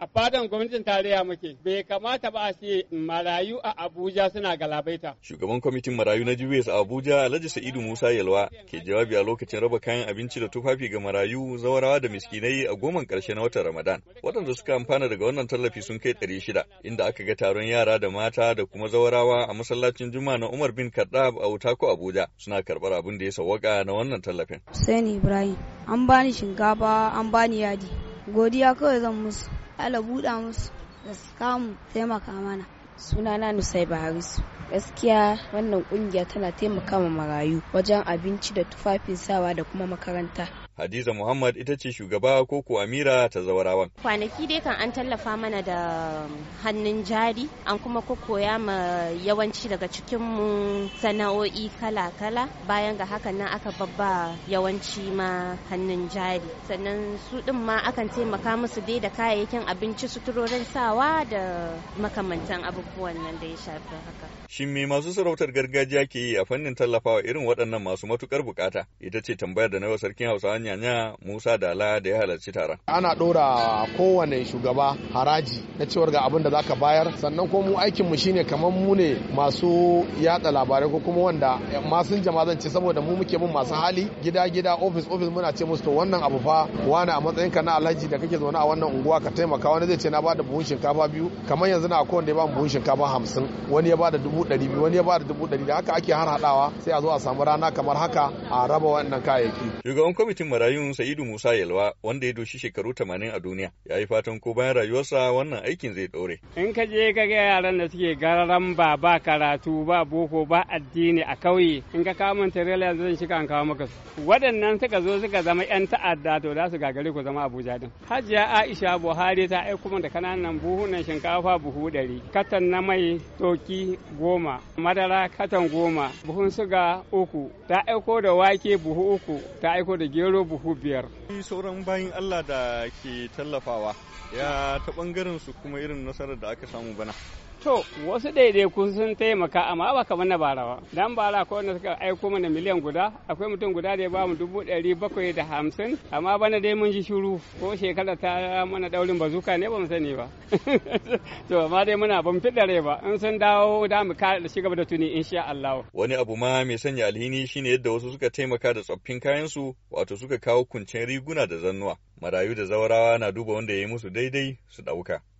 a fadan gwamnatin tarayya muke bai kamata ba a ce marayu a abuja suna galabaita shugaban kwamitin marayu na jbs a abuja alhaji sa'idu musa yalwa ke jawabi a lokacin raba kayan abinci da tufafi ga marayu zawarawa da miskinai a goman karshe na watan ramadan waɗanda suka amfana daga wannan tallafi sun kai ɗari shida inda aka ga taron yara da mata da kuma zawarawa a masallacin juma na umar bin kaddab a ko abuja suna karɓar abin da ya sawwaka na wannan tallafin sani ibrahim an bani shinkafa an bani yadi godiya kawai zan musu ala buɗa musu da su kamu taimaka mana sunana Nusai baharisu gaskiya wannan kungiya tana taimaka ma marayu wajen abinci da tufafin sawa da kuma makaranta Hadiza Muhammad ita ce shugaba koko Amira ta zawarawan. Kwanaki dai kan an tallafa mana da hannun jari an kuma koya ma yawanci daga cikinmu sana'o'i kala-kala bayan ga hakan nan aka babba yawanci ma hannun jari. Sannan su din ma akan taimaka musu dai da kayayyakin abinci suturorin sawa da makamantan abu. abubuwan nan da ya shafi haka. Shin me masu sarautar gargajiya ke yi a fannin tallafawa irin waɗannan masu matukar bukata? Ita ce tambayar da na yau sarkin Hausawa Nyanya Musa Dala da ya halarci taron. Ana ɗora kowane shugaba haraji na cewar ga abin da zaka bayar sannan ko mu aikin mu shine kamar mu ne masu yada labarai ko kuma wanda masun jama'a zan ce saboda mu muke mun masu hali gida gida ofis office muna ce musu to wannan abu fa wani a matsayin ka na alhaji da kake zaune a wannan unguwa ka taimaka wani zai ce na bada buhun shinkafa biyu kamar yanzu na akwai wanda ya ba mu buhun shinkafa hamsin wani ya ba da dubu ɗari biyu wani ya ba da dubu ɗari da haka ake har haɗawa sai a zo a samu rana kamar haka a raba wannan kayayyaki. Shugaban kwamitin marayun Sa'idu Musa Yalwa wanda ya doshi shekaru tamanin a duniya ya yi fatan ko bayan rayuwarsa wannan aikin zai ɗore. In ka je ka ga yaran da suke gararan ba ba karatu ba boko ba addini a kauye in ka kawo min tirela yanzu zan shiga an kawo maka su. Waɗannan suka zo suka zama 'yan ta'adda to za su gagare ku zama Abuja din. Hajiya Aisha Buhari ta aiko da kananan buhunan shinkafa buhu ɗari. Katan na mai toki goma madara katan goma buhun suga uku ta aiko da wake buhu uku ta aiko da gero buhu biyar sauran bayan allah da ke tallafawa ya ta bangaren su kuma irin nasarar da aka samu bana To wasu daidai kun sun taimaka amma ba kamar na barawa. Dan bara ko wanda suka aiko mana miliyan guda akwai mutum guda da ya bamu dubu ɗari bakwai da hamsin amma bana dai mun ji shuru ko shekara ta mana daurin bazuka ne ba mu sani ba. To amma dai muna ban fi dare ba in sun dawo da mu ka da gaba da tuni in sha Allah. Wani abu ma mai sanya alhini shine yadda wasu suka taimaka da tsoffin kayan su wato suka kawo kuncin riguna da zannuwa. Marayu da zawarawa na duba wanda ya yi musu daidai su ɗauka.